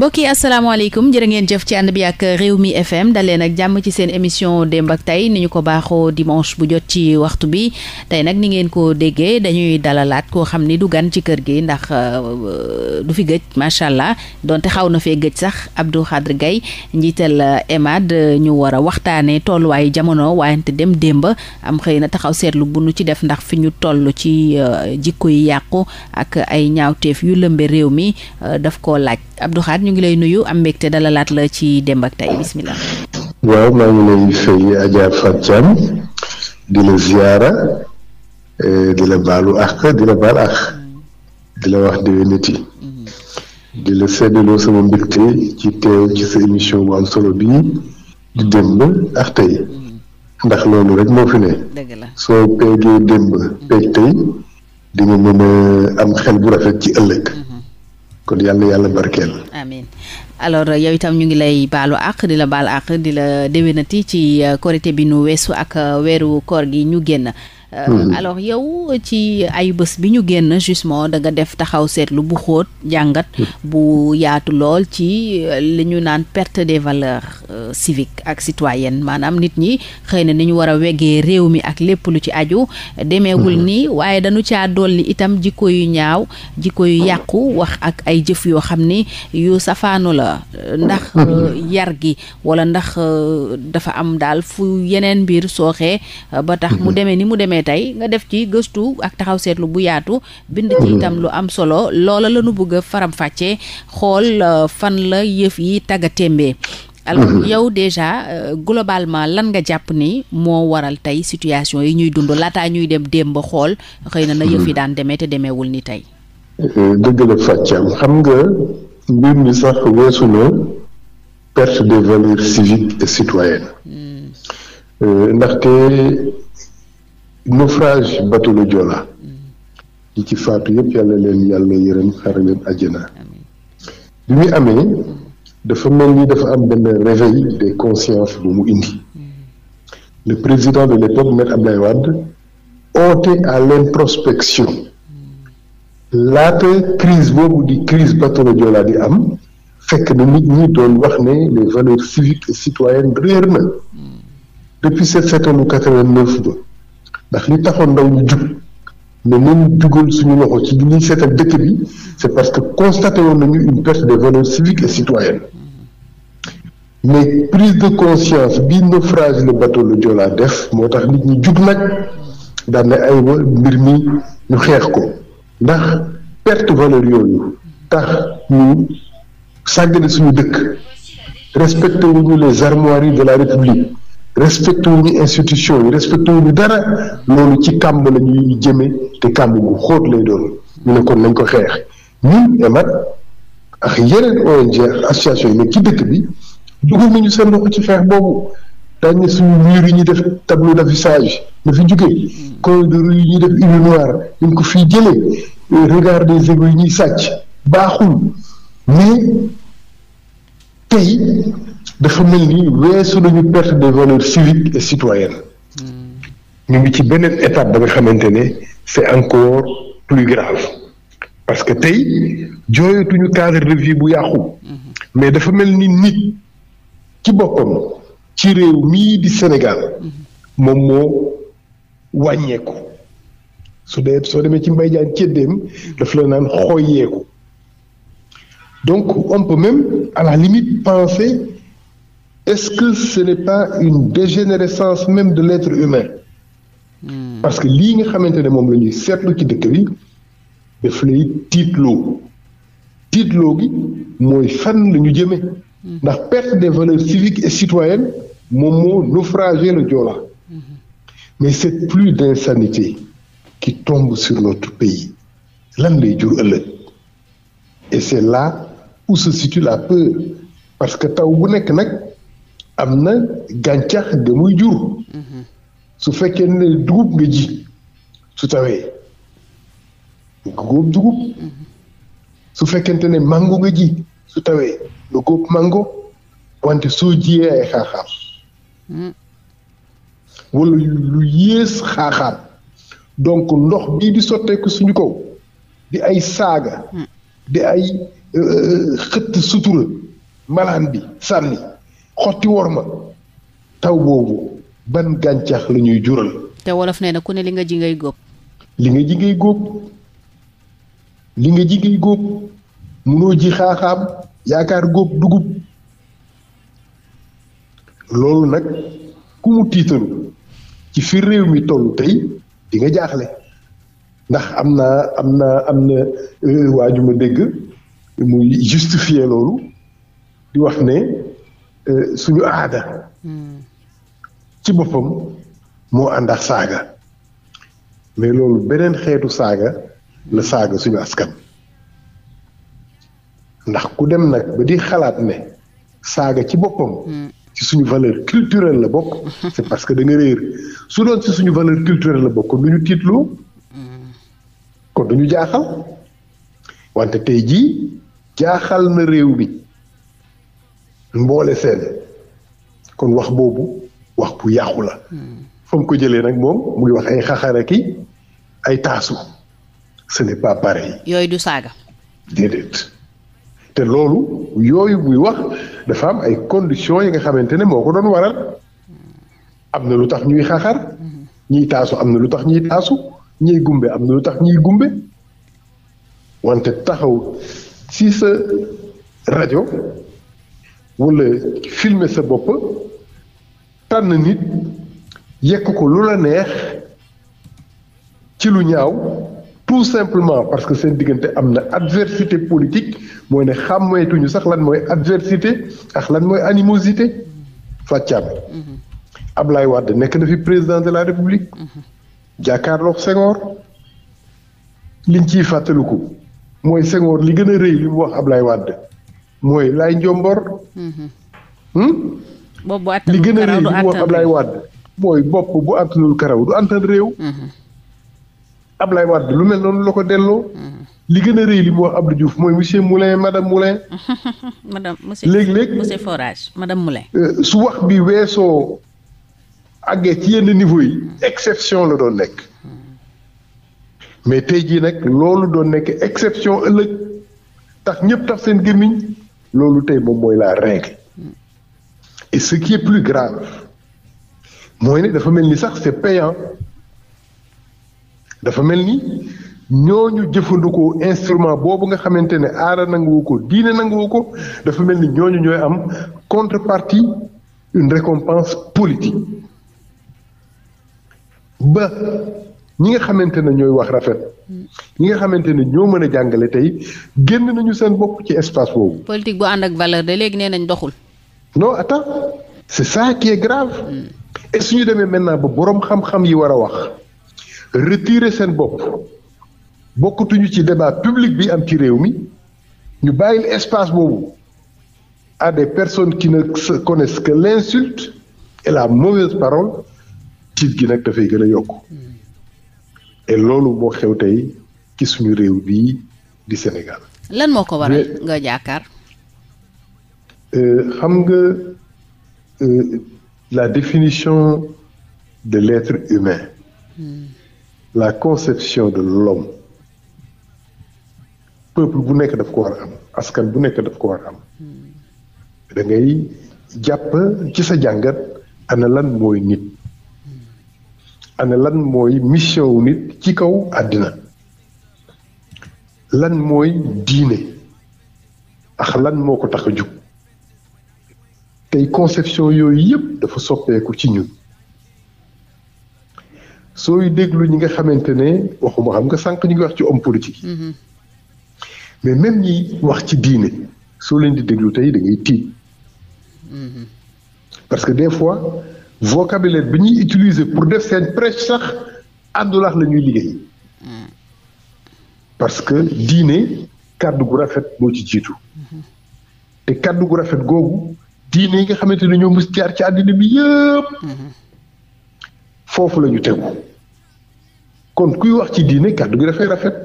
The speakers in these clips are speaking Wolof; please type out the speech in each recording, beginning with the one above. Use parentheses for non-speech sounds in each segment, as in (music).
mbokk yi asalaamaaleykum jërë ngeen jëf ci ànd bi ak réew mi FM daleen ak jàmm ci seen émission démb ak tey ni ñu ko baaxoo dimanche bu jot ci waxtu bi tey nag ni ngeen ko déggee dañuy dalalaat koo xam ni du gan ci kër gi ndax euh, euh, du fi gëj macha allah donte xaw na fee gëj sax Abdou Khadre gay njiital euh, EMAD ñu war a waxtaanee tolluwaayu jamono waayante dem démb am xëy na taxaw seetlu bu nu ci def ndax fi ñu toll ci jikko yi yàqu ak ay ñaawteef yu lëmbee réew mi daf koo laaj Abdou ñu ngi lay nuyu am mbégte dalalaat la ci Demb ak Tay bismillah waaw maa ngi lay fay Adja Fatou Thiam di la ziara eh, di la baalu àq di la baal àq mm-hmm. di la wax déwénati mm-hmm. di la seddaloo sama mbégte ci teew ci sa émission bu am solo bii di Demb ak Tay mm-hmm. ndax loolu rek moo fi ne soo peegee démb peeg tey di nga mën am xel bu rafet ci ëllëg kon yàlla yàlla barkeel. amiin alors euh, yow itam ñu ngi lay baalu àq di la baal àq di la déwénati ci euh, korité bi nu weesu ak euh, weeru koor gi ñu génn. Euh, mm-hmm. alors yow ci ay bés bi ñu génn justement da nga def taxaw seetlu bu xóot jàngat mm. bu yaatu lool ci euh, li ñu naan perte des valeurs euh, civiques ak citoyennes maanaam nit ñi xëy na ni ñu war a wegee réew mi ak lépp lu ci aju demeewul mm-hmm. nii waaye dañu caa dolli itam jikko yu ñaaw jikko yu yàqu wax ak ay jëf yoo xam ni yu safaanu la ndax mm-hmm. yar gi wala ndax dafa am daal fu yeneen mbir sooxee ba tax mu demee ni mu demee ne tey nga def ci gëstu ak taxaw seetlu bu yaatu bind ci hmm. itam lu am solo loola la nu bëgg a faram-fàccee xool euh, fan la yëf yi tagga témbee hmm. yow déjà euh, lan nga jàpp ni moo waral tey situation yi ñuy dund laataa ñuy dem démb xool xëy na na yëf yi hmm. daan demee te demeewul ni tey dëgg la fàccaam xam nga mbir mi sax weesu na perte des valeurs civiques et euh, ndaxte naufrage bateau le Joola mm. ci faatu yëpp yàlla leen yàlla yërëm xara leen àjjana bi muy amee dafa mel ni dafa am benn réveil des consciences bu mu indi mm. le président de l'époque maître Abdoulaye Wade oote à prospection mm. laata crise boobu di crise bateau le di am fekk na nit ñi doon wax ne les valeurs civiques et citoyennes réer na depuis sept septembre ba ndax li taxoon ndaw ñu jug ne moom jugal suñu loxo ci li ñuy seetal dëkk bi c'est parce que constaté woon nañu une perte des valeurs civiques et citoyennes mais prise de conscience bi naufrage le bateau le Joola def moo tax nit ñi jug nag daan ne ay mbir mi ñu xeex ko ndax perte valeur yooyu tax ñu sàggane suñu dëkk respecté wuñu les armoiries de la République respecté wuñu institution yi respecté wuñu dara loolu ci kàmb la ñuy jëmee te kàmb gu xóot lay doon ñu ne kon nañ ko xeex ñun EMAD ak yeneen ONG ak association yi nekk ci dëkk bi dugal nañu seen loxo ci xeex boobu daañu ne suñu miir yi ñuy def tableau d'affichage na fi jógee corridor yi ñuy def huile noire ñu ko fi jëlee regard des égaux yi ñuy sàcc baaxul mais tey dafa mel ni weesu nañu perte des valeurs civiques et citoyennes hmm. ñu ngi ci beneen étape ba nga xamante ne c'est encore plus grave parce que tey jooyatuñu cadre de vie bu yàqu hmm. mais dafa mel ni nit ci boppam ci réew mii di Sénégal hmm. moom moo wàññeeku su dee soo demee ci mbay jaan ceddeem daf la naan xooyeeku donc on peut même à la est-ce que ce n'est pas une dégénérescence même de l'être humain hmm. parce que lii nga xamante ne moom la ñuy seetlu ci dëkk bi daf lay tiitloo tiitloo gi mooy fan la ñu jëme hmm. ndax perte des valeurs civiques et citoyennes moom moo naufragé le Joola mm. mais cette pluie d'insanité qui tombe sur notre pays lan lay jur ëllëg et c'est là où se situe la peur parce que taw bu nekk nag am na gàncax ga muy jur mhm. su fekkee ne dugub nga ji su tawee nga góob dugub mhm. su fekkente ne mango nga ji su tawee nga góob mango wante soo jiyee ay xaaxaar mhm. lu yées xaaxaar donc ndox bii di sotteeku suñu kaw di ay saaga di ay euh, euh, xëtt sutura malaan bi sànni xotti wor ma taw boobu ban gàncax la ñuy jural. te wolof nee na ku ne li nga ji ngay góob. li nga ji góob li nga ji góob munoo ji xaaxaam yaakaar góob dugub loolu nag ku mu tiitalu ci fi réew mi toll tey di nga jaaxle ndax am naa am naa am na euh, waaju ma dégg muy justifier loolu di wax ne. Euh, suñu aada. Hmm. ci boppam moo ànd ak saaga mais loolu beneen xeetu saaga la hmm. saaga suñu askan. ndax ku dem nag ba di xalaat ne saaga ci boppam. Hmm. ci suñu valeur culturel la bokk. (laughs) c'est parce que danga nga réer su doon ci suñu valeur culturelle la bokk kon du ñu tiitlu. kon du ñu jaaxal. wante te jii jaaxal na réew bi mboole seen kon wax boobu wax bu yàqu la. fa ko jëlee nag moom mu ngi wax ay xaxara ki ay taasu ce n'est pas pareil. yooyu du saaga. déedéet te loolu yooyu muy wax dafa am ay conditions yi nga xamante ne moo ko doon waral am na lu tax ñuy xaxar ñiy taasu am na lu tax ñuy taasu ñiy gumbe am na lu tax ñiy gumbe wante taxaw ci sa rajo. wala filmer sa bopp tànn nit yekk ko lu la neex ci lu ñaaw tout simplement parce que seen diggante am na adversité politique mooy ne xàmmeetuñu sax lan mooy adversité ak lan mooy animosité fàccaam mm-hmm. Ablaye Wade nekk na fi président de la République mm-hmm. jàkkaarloog Senghor liñ ciy fàttaliku mooy Senghor li gën a rëy li mu wax Ablaye Wade mooy Laye Ndiombor. Mm-hmm. Hmm? boobu bu li gën a réy li mu wax Ablaye Wade mooy bopp bu attanul karaw mm-hmm. lu mel noonu la ko delloo. Mm-hmm. li gën a réy li mu wax Abdou Diouf mooy monsieur Moulin madame Moulin. (laughs) madame monsieur léeg-léeg monsieur Forage madame Moulin. Euh, su wax bi weesoo àggee ci yenn niveau yi exception la doon nekk. mais tey jii nag loolu doon nekk exception ëllëg tax ñëpp tax seen gémmiñ loolu tey moom mooy la règle et ce qui est plus grave mooy ne dafa mel ni sax c'est payan dafa mel ni ñooñu jëfandikoo instrument boobu nga xamante ne aara nanguwu ko diine nanguwu ko dafa mel ni ñooñu ñooy am contrepartie une récompense politique ba ñi nga xamante ne ñooy wax rafet ñi nga xamante ne ñoo mën a jàngale tey génn nañu seen bopp ci espace boobu. politique bu ànd ak valeur de léegi nee nañu doxul. non attends c'est ça qui grave. Hmm. et suñu demee maintenant ba boroom xam-xam yi war a wax retirer seen bopp bokkatuñu ci débat public bi am ci réew mi ñu bàyyil espace boobu à des personnes qui ne se connaissent que l'insulte et la mauvaise parole tiit gi nag dafay gën a yokk. loolu boo xew tey ci suñu réew bii di Sénégal. lan moo ko waral nga jaakaar. Euh, xam nga euh, la définition de l'être humain. Hmm. la conception de l'homme peuple bu nekk daf ko war a am askan bu nekk daf ko war a am. Hmm. da ngay jàpp ci sa jàngat ana lan mooy nit. ana lan mooy mission wu nit ci kaw àddina lan mooy diine ak lan moo ko tax a jug tey conception yooyu yëpp dafa soppeeku ci ñun sooy déglu ñi nga xamante ne waxuma xam nga sànq ñu ngi wax ci homme politique yi mm-hmm. mais même ñi wax ci diine soo leen di déglu tey da ngay mm-hmm. parce que des fois vocabulaire bi ñuy utiliser pour def seen prêche sax àndul ak la ñuy liggéey parce que diine kàdd gu rafet moo ci jiitu te kàddu gu rafet googu diine yi nga xamante ne ñoo mës jaar ci àddina bi yëpp foofu la ñu tegu kon kuy wax ci diine kàdd gi dafay rafet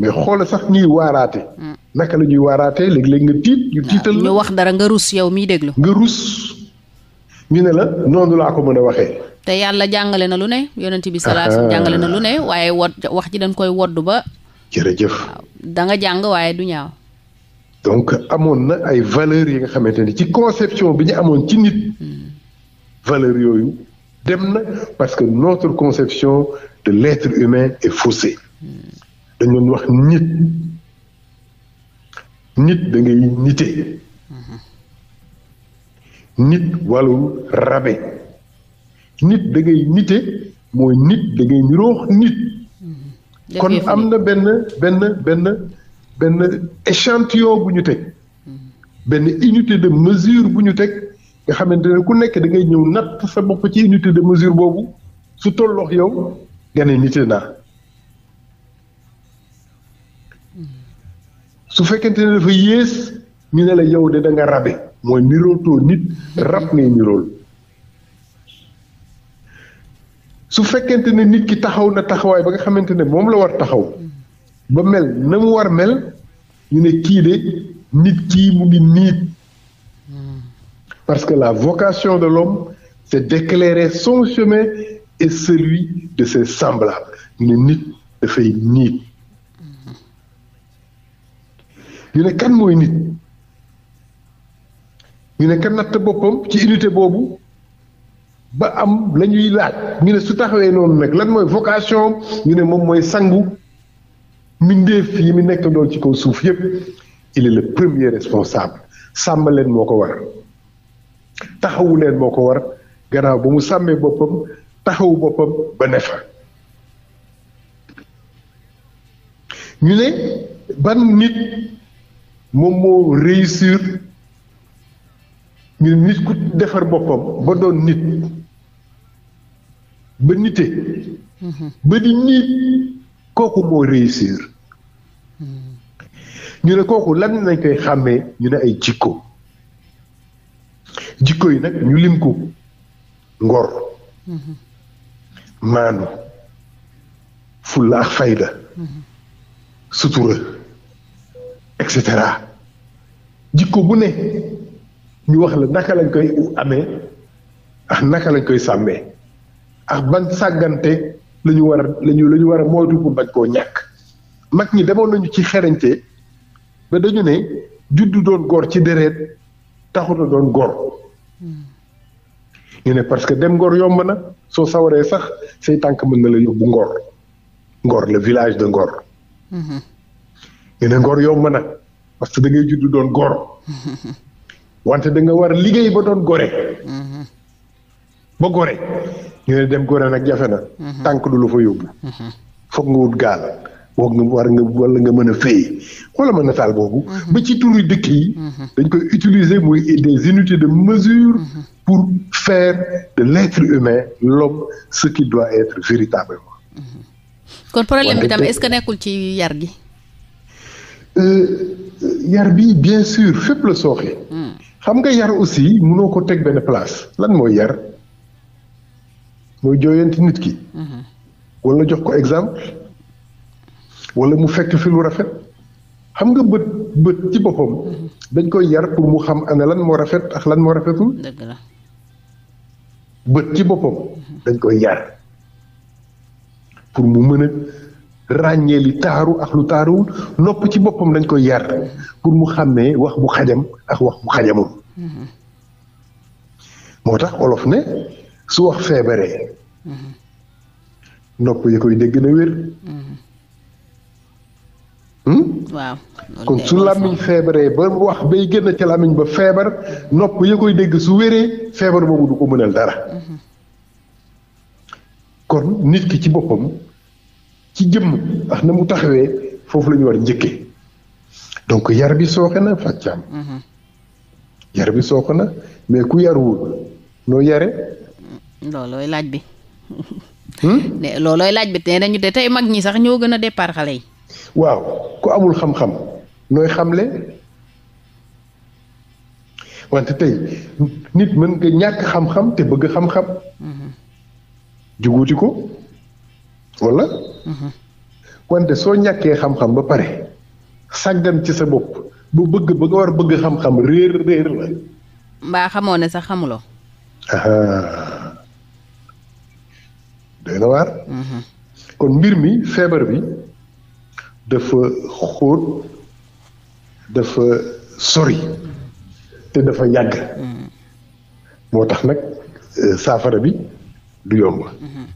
mais xoolal sax ñuy waaraate naka la ñuy waaraate léeg-léeg nga tiit ñu tiital wax dara nga rus yow miy déglu nga rus ni ne la noonu laa ko mën a waxee. te yàlla jàngale na lu ne yonent bi salaasam ah. jàngale na lu ne waaye wod wax ji dañ koy wodd ba. jërëjëf da nga jàng waaye du ñaaw. donc amoon na ay valeurs yi nga xamante ni ci conception bi ñu amoon ci nit. Hmm. valeurs yooyu dem na parce que notre conception de l'être humain est faussée. Hmm. dañu wax nit. nit da ngay nit wàllu rabe nit da ngay nite mooy nit da ngay niroox nit kon am na benn benn benn benn échantillon bu ñu teg benn unité de mesure bu ñu teg nga xamante ne ku nekk da ngay ñëw natt sa bopp ci unité de mesure boobu su tollox yow nga ne nite naa su fekkente ne dafa yées ñu ne la yow de da nga rabe mooy nirootoo nit rab ngay nirool su fekkente ne nit ki taxaw na taxawaay ba nga xamante ne moom la war taxaw ba mel na mu war mel ñu ne kii de nit kii mu ngi niit parce que la vocation de l'homme c'est d'éclairer son chemin et celui de ses semblables ñu ne nit dafay niit ñu ne kan mooy nit ñu ne ka natt boppam ci unité boobu ba am lañuy ñuy laaj ñu ne su taxawee noonu nag lan mooy vocation ñu ne moom mooy sangu mbindeef yi mu nekk doon ci kaw suuf yépp il est premier responsable sàmm leen moo ko war taxawu leen moo ko war gannaaw ba mu sàmmee boppam taxawu boppam ba ne ñu ne ban nit moom moo réussir ngir nit ku defar boppam ba doon nit ba nite mm-hmm. ba di nit kooku moo réussir mm-hmm. ñu ne kooku lan lañ koy xàmmee ñu ne ay jikko jikko yi nag ñu lim ko ngor mm-hmm. maanu fulla ak fayda sutura et cetera jikko bu ne ñu wax la naka lañ koy amee ak naka lañ koy sàmmee ax ban sàggante la ñu war a la ñu la war a moytu pour bañ koo ñàkk mag ñi demoon nañu ci xerañte ba dañu ne juddu doon góor ci deret taxut a doon góor hmm. ñu ne parce que dem ngor yomb na soo sawaree sax say tànk mën na la yóbbu ngor ngor le village de ngor hmm. ñu ne na parce que da ngay juddu doon góor hmm. (laughs) wante da nga war liggéey ba doon gore mhm. ba gore ñu ne dem gore nag jafe na mhm. tànk du lu fa yóbbu mhm. foog nga wut gaal woog nga war nga wala nga mën a fay xoola ma nataal boobu ba ci turu dëkk yi dañ koy utiliser muy des unités de mesure pour faire de l'être humain l'homme ce qui doit être véritablement kon problème bi tam est que nekkul ci yar gi euh, euh, yar bi bien sûr fépp la sooxee hmm. xam nga yar aussi mënoo ko teg benn place lan mooy yar mooy jooyanti nit ki. Mhm. wala jox ko exemple walla mu fekk fi lu rafet xam nga bët bët ci boppam. Mhm. dañ koy yar pour mu xam ana lan moo rafet ak lan moo rafetul. dëgg bët ci boppam. Mhm. dañ koy yar pour mu mën a. ràññee li taaru ak lu taaruwul nopp ci boppam dañ koy yar pour mu xàmmee wax bu xajam ak wax bu xajamul. moo tax olof ne su wax feebaree. nopp ya koy dégg hmm? kon su làmmiñ feebaree ba wax génn ca làmmiñ ba feebar nopp ya koy dégg su wéree feebar boobu du ko mënal dara. Hmm. kon nit ki ci boppam. ci jëmm ak na mu taxawee foofu la war a njëkkee donc yar bi sooxe na fàccaam mhm. yar bi sooxe na mais ku yarwul noo yare loolooy laaj bi hmm? (laughs) ne loolooy laaj bi nee nañu de tey mag ñi sax ñoo gën a départ xale yi waaw ku amul xam-xam nooy xamle wante tey nit mën nga ñàkk xam-xam te bëgg xam-xam mhm. juguuti ko walla wante soo ñàkkee xam-xam ba pare sàggan ci sa bopp bu bëgg ba nga war bëgg xam-xam réer réer la. mbaa xamoo ne sax xamuloo. doy na waar. Mhm. kon mbir mi feebar bi dafa xóot dafa sori te dafa yàgg. Mhm. moo tax nag euh, saafara bi du yomb. Mhm.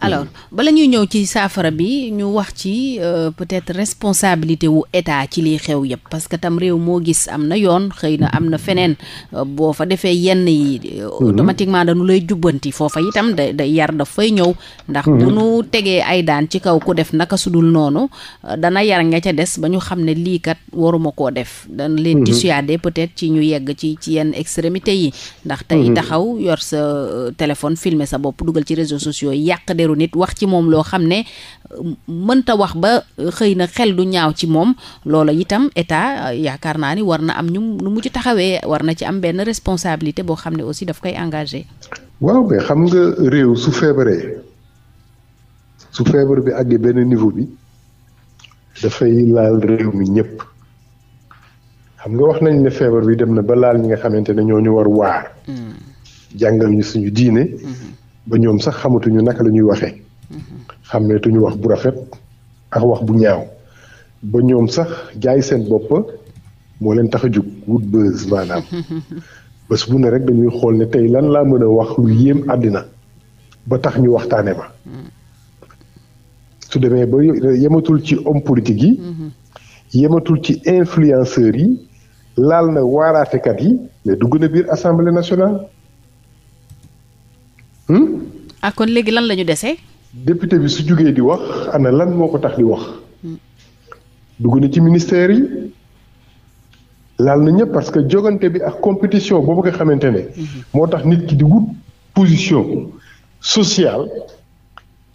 Hmm. alors bala ñuy ñëw ci saafara bi ñu wax ci euh, peut-être responsabilité wu état ci liy xew yëpp parce que tam réew moo gis am na yoon xëy na am na feneen euh, boo fa defee yenn yi euh, hmm. automatiquement dañu lay jubbanti foofa itam da da yar daf fay ñëw ndax bu hmm. tegee ay daan ci kaw ku def naka sudul noonu dana yar nga ca des ba ñu xam ne lii kat waruma koo def dana leen dissuader peut-être ci ñu yegg ci ci yenn extrémité yi ndax tey taxaw yor sa téléphone filmer sa bopp dugal ci réseaux sociaux yi yàq cëru nit wax ci moom loo xam ne euh, mënta wax ba euh, xëy na xel du ñaaw ci moom loola itam état euh, yaakaar naa ni war na am ñu mu ci taxawee war na ci am benn responsabilité boo xam ne aussi daf koy engagé. waaw mais xam nga réew su feebaree su feebar bi àggee benn niveau bi dafay laal réew mi ñëpp xam nga wax nañ ne feebar bi dem na ba laal ñi nga xamante ne ñoo ñu war waar. Hmm. jàngal ñu suñu diine. Hmm. ba ñoom sax xamatuñu naka lañuy waxee. xàmmeetuñu wax bu rafet ak wax bu ñaaw ba ñoom sax jaay seen bopp moo leen tax a jug wut bës maanaam. (laughs) bu ne rek xool ne tey lan laa mën a wax lu àddina ba tax ñu waxtaane ma su demee ba yematul ci homme politique yi mm-hmm. yematul ci influenceurs yi laal na waaraatekat yi mais dugg na biir assemblée nationale hum ah kon léegi lan la desee dese. bi su jugee di wax ana lan moo ko tax di wax. Hmm. dugg na ci ministère yi laal na ñëpp parce que jogante bi ak compétition boobu nga xamante ne. Hmm. moo tax nit ki di wut position sociale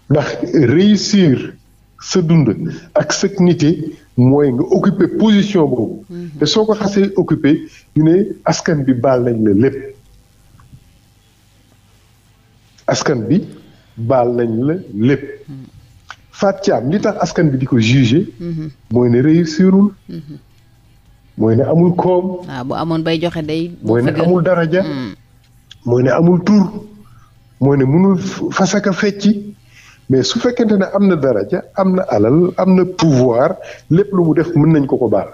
ndax réussir sa dund ak sa nité mooy nga occuper position boobu. Hmm. te soo ko xasee occuper ñu ne askan bi baal nañ la lépp. askan bi baal nañ la lépp Fatou Thiam li tax askan bi di ko jugé. Mhm. mooy ne réussirul. Mhm. mooy ne amul koom. waaw ah, bu amoon bay joxe day. mooy ne amul daraja. Mhm. mooy ne amul tur. mooy ne mënul fasaka fecci mais su fekkente ne am na daraja am na alal am na pouvoir lépp lu mu def mën nañ ko ko baal.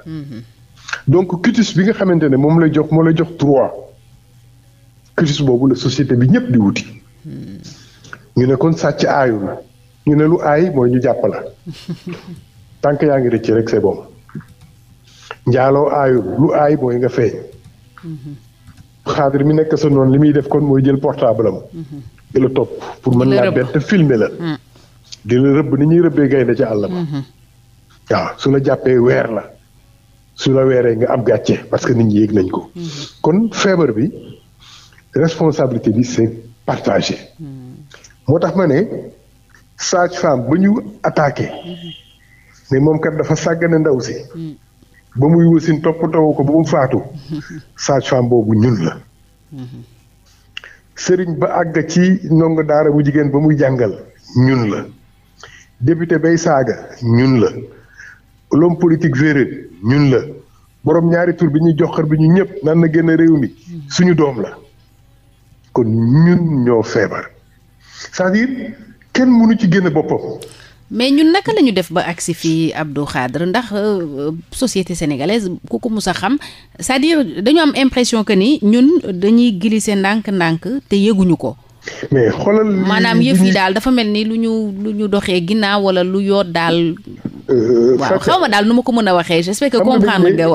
donc cutis bi nga xamante ne moom lay jox moo lay jox droit cutis boobu la société bi ñëpp di wuti. Hmm. ñu ne kon sàcc aayul ñu ne lu aay mooy ñu jàpp la (laughs) tànk yaa ngi rëcc rek c'est njaaloo aayul lu aay mooy nga feeñ hmm. xaadir mi nekk sa noonu li muy def kon mooy jël portable am hmm. di topp pour mën laa bett filmer la di la rëbb ni ñuy rëbbee gaynde ci àll ba waaw su la jàppee weer la su la weeree nga am gàcce parce que nit ñi yëg nañ ko kon feebar bi responsabilité bi c'est partagé. Hmm. moo tax ma ne sage femme ba ñu attaqué ne moom kat dafa sàggane ndaw si hmm. ba muy wasin toppatoo ko ba mu faatu (laughs) sage femme boobu ñun la. Hmm. sëriñ ba àgg ci ndongo daara bu jigéen ba muy jàngal ñun la député bay saaga ñun la l'homme politique ñun la borom ñaari tur bi ñuy joxar bi ñu ñëpp nan na génn réew mi suñu doom la. kon ñun ñoo feebar c'est-à-dire kenn mënu ci génne boppam. mais ñun naka la ñu def ba agsi fii Abdou Khadre ndax euh, euh, société sénégalaise ku ko mus a xam cest à dañu am impression que ni ñun dañuy glisser ndànk-ndànk te yëguñu ko. mais xoolal maanaam yëf yi daal dafa mel ni lu ñu lu ñu doxee ginnaaw wala lu yoot daal. Euh, waaw xaw daal nu ma ko mën a waxee j'espère que comprendre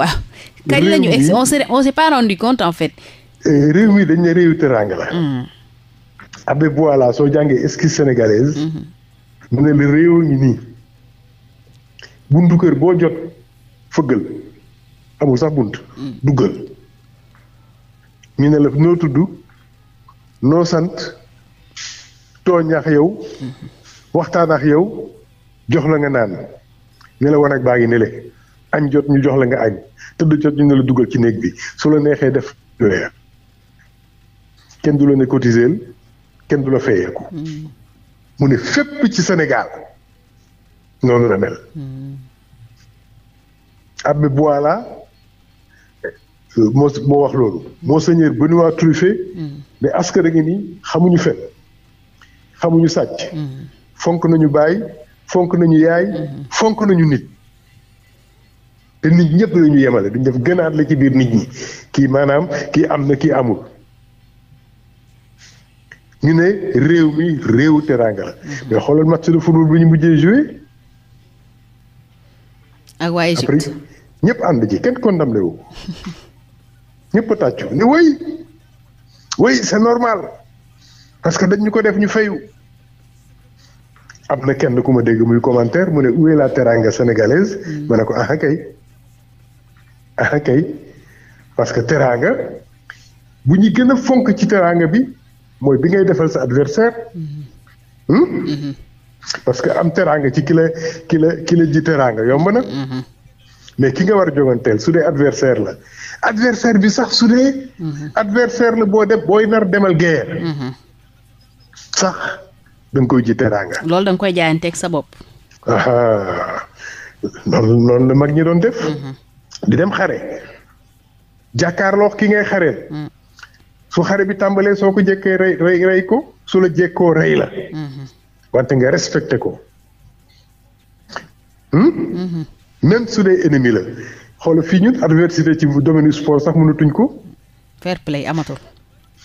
compte en fait. Eh, réew mii dañ ne réewu teraanga la. Mm. Abbé Boilat soo jàngee esquisse sénégalaise. Mm-hmm. mu ne la réew ngi nii. buntu boo jot fëggal amul sax bunt. Mm. duggal ñu ne la noo tudd noo sant tooñ ak yow. Mm-hmm. waxtaan ak yow jox la nga naan ne la wan baa ngi ne le añ jot ñu jox la nga añ tëdd jot ñu ne la duggal ci néeg bi su la neexee def. kenn du la ne cotiseel kenn du la fayeeku mm. mu ne fépp ci Sénégal noonu la mel mm. Abbé Boilat euh, moo moo wax loolu monseigneur Benoît Truffet ne askan a nii xamuñu fen xamuñu sàcc mm. fonk nañu baay fonk nañu yaay fonk nañu nit te nit ñëpp la ñu yemale duñ def gënaat la ci biir nit ñi kii maanaam kii am na kii amul ñu ne réew mi réew teraanga la mais xoolal match de football bi ñu mujjee joué. ak waa Égypte après ñëpp ànd ci kenn condamné wu (laughs) ñëpp a tàccu ne woy woy c'est normal parce que dañ ko def ñu fayu. am na kenn ku ma dégg muy commentaire mu ne où est la teranga sénégalaise mm. ma ne ko ah kay ah kay parce que teraanga bu ñu gën fonk ci teranga bi mooy bi ngay defal sa adversaire mm-hmm. Hmm? Mm-hmm. parce que am teraanga ci ki la ki la ki la ji teraanga yomb na mm-hmm. mais ki nga war a jonganteel su dee adversaire la adversaire bi sax su dee adversaire la boo def booy nar demal guerre sax da koy ji teraanga lool da nga koy jaayanteeg sa bopp noonu noonu la mag ñi doon def di dem xare jàkkaarloo ki ngay xareel mm. fu xare bi tàmbalee soo ko jëkkee rey rey rey ko su la jékkoo rey la mm-hmm. wante nga respecté ko hmm? mm-hmm. même su dee ennemi la xoolal fii ñun adversité ci domaine sport sax mënatuñ ko fair play amatul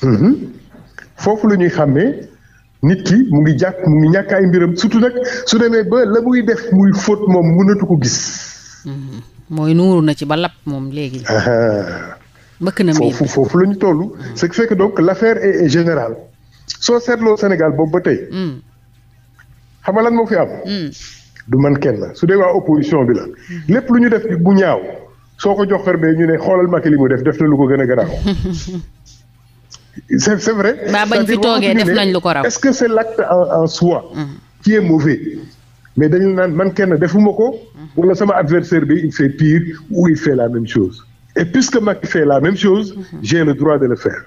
mm-hmm. foofu la ñuy xàmmee nit ki mu ngi jàpp mu ngi ñàkk ay mbiram surtout nag su demee ba la muy def muy faute moom mënatu ko gis mooy nuuru na ci ba lapp moom léegi foofu foofu la ñu toll mm. ce fekk fait que donc l' affaire est générale soo seetloo Sénégal boobu ba tey mm. xam nga lan moo fi am mm. du man kenn su dee waa opposition bi la lépp lu ñu def bu ñaaw soo ko jox xarbee ñu ne xoolal Macky li mu def def na lu ko gën a garaaw (laughs) c' est c' est vrai baa bañ fi toogee def nañ lu ko raw est ce que en soi qui est mauvais mais dañu naan man kenn defuma ko wala sama adversaire bi il fait pire ou il fait la même chose Et puisque Macky fait la même chose, mhm. j'ai le droit de le faire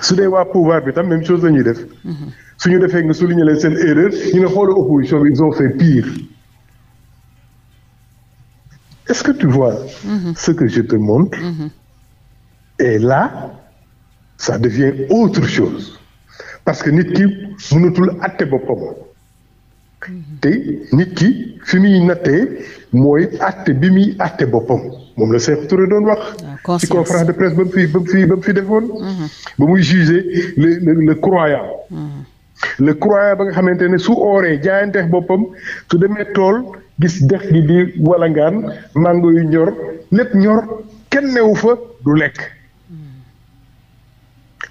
su dee waa pouvoir bi tam même chose la ñuy def mhm. su ñu defee nga souligner le seen erreur ñu ne xoolal opposition bi ils ont fait pire. Est-ce que tu vois mm -hmm. ce que je te montre mhm. et là ça devient autre chose parce que nit ki mënatul àtte boppam Mm-hmm. te nit ki fi muy nattee mooy atte bi muy atte boppam moom la Cheikh Touré doon wax. ci conférence de presse ba mu fi ba mu fi defoon. Mm-hmm. ba muy juger le le le croyant. Mm-hmm. le croyant ba nga xamante ne su ooree jaayanteex boppam su demee tool gis dex gi di walangaan mango yu ñor lépp ñor kenn newu fa du lekk.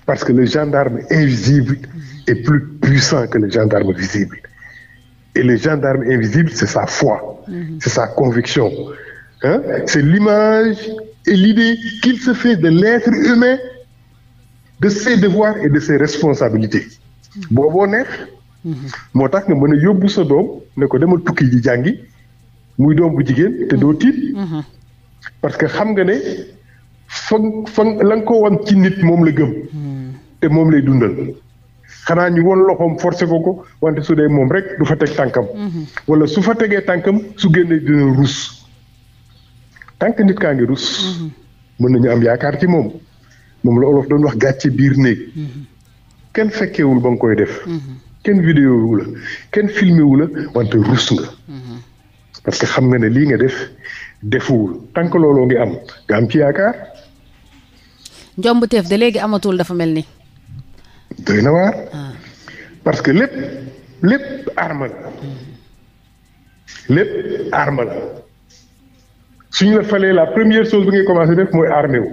parce que le gendarme invisible est plus puissant que le gendarme visible. Et le gendarme invisible, c'est sa foi, mhm. c'est sa conviction. Hein? C'est l'image et l'idée qu'il se fait de l'être humain, de ses devoirs et de ses responsabilités. Mhm. booboo neex. Mhm. moo tax nga mën a yóbbu sa doom ne ko demal tukki ji jàngi muy doom bu jigéen te doo tiit. parce que xam nga ne fa fa la nga ko wan ci nit moom la gëm. te moom lay dundal. xanaa ñu woon loxoom forcé ko ko wante su dee moom rek du fa teg tànkam. Mhm. wala su fa tegee tànkam su génnee dina rus. tànk nit kaa ngi rus. Mhm. mën nañu am yaakaar ci moom moom la doon wax gàcce biir néeg. Mhm. kenn fekkeewul ba nga koy def. kenn vidéo la kenn filmé wu la wante rus nga. parce que xam nga ne lii nga def defuwul tànk looloo ngi am nga am ci yaakaar. njombuteef de léegi amatul dafa mel ni. doy na waar ah. parce que lépp lépp arme la lépp arme la suñu la falee la première chose bi ngay commencé def mooy armé wu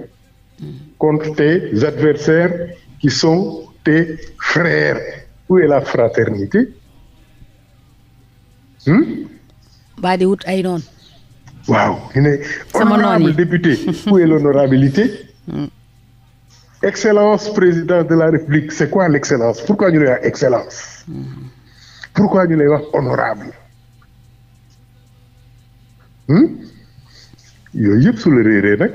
mm. contre tes adversaires qui sont tes frères où est la fraternité hmm? baa di wut ay noon waaw honorable député où est l'honorabilité (laughs) mm. excellence président de la république c'est quoi l'excellence pourquoi ñu lay ñu lay wax honorable hmm? yooyu yëpp su la réeree nag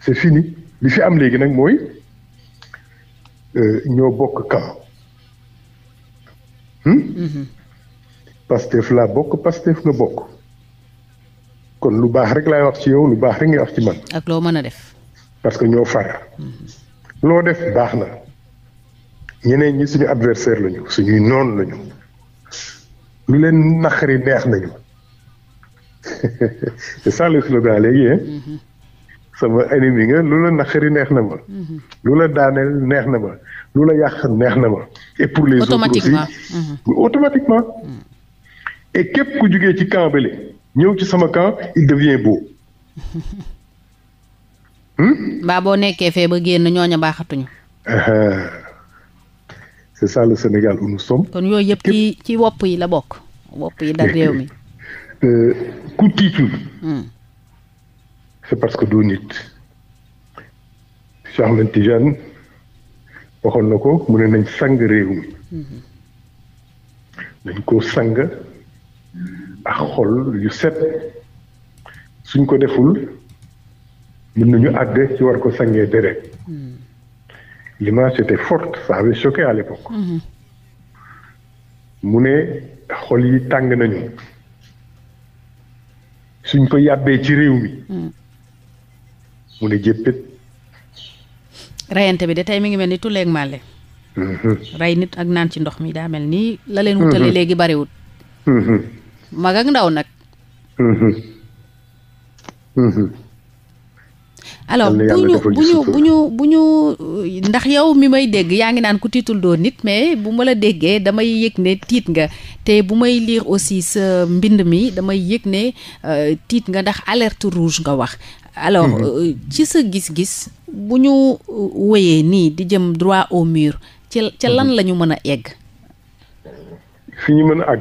c'est fini li fi am léegi nag mooy euh, ñoo bokk camp hmm? Pastef laa bokk Pastef nga bokk kon lu baax rek laay wax ci yow lu baax rek ngay wax ci man ak loo mën a def parce que ñoo far loo def baax na ñeneen ñi suñu adversaire lañu suñuy noon lañu lu leen naqari neex nañu (laughs) c'est ça le slogan léegi mm-hmm. sama ennemi nga lu la naqari neex na ma mm-hmm. lu la daaneel neex na ma lu la yàq neex na ma et pour les autres aussi automatiquement mm-hmm. mm. et képp ku jugee ci camp bële ñëw ci sama camp il devient beau (laughs) Hmm? baa boo nekkee fee ba génn ñooña baaxatuñu. Eh, c'est ça Sénégal où nous kon yooyu yëpp ci wopp yi la bokk wopp yi dal réew mi. (laughs) Euh, ku tiitul. Hmm. c'est parce que doo nit. Cheikh waxoon na ko mu ne nañ sang réew mi. dañ mhm. ko sang ak xol yu set suñ ko deful. mën nañu àgg ci war ko sangee mu ne xol yi tàng nañu suñ ko yàbbee ci réew mi mu ne jéppét rayante bi de tey mi ngi mel ni tulleeg màlle mm-hmm. rey nit ak naan ci ndox mi daa mel nii la leen wutale mm-hmm. léegi bariwut mm-hmm. mag ak ndaw nag alors bu ñu bu ñu bu ñu bu ñu ndax yow mi may dégg yaa ngi naan ku tiitul doo nit mais bu ma la déggee damay yëg ne tiit nga te bu may liir aussi sa mbind mi damay yëg ne euh, tiit nga ndax alerte rouge nga wax alors mhm. euh, ci sa gis-gis bu ñu euh, woyee nii di jëm droit au mur ci ca lan mhm. la ñu mën a egg fi ñu mën a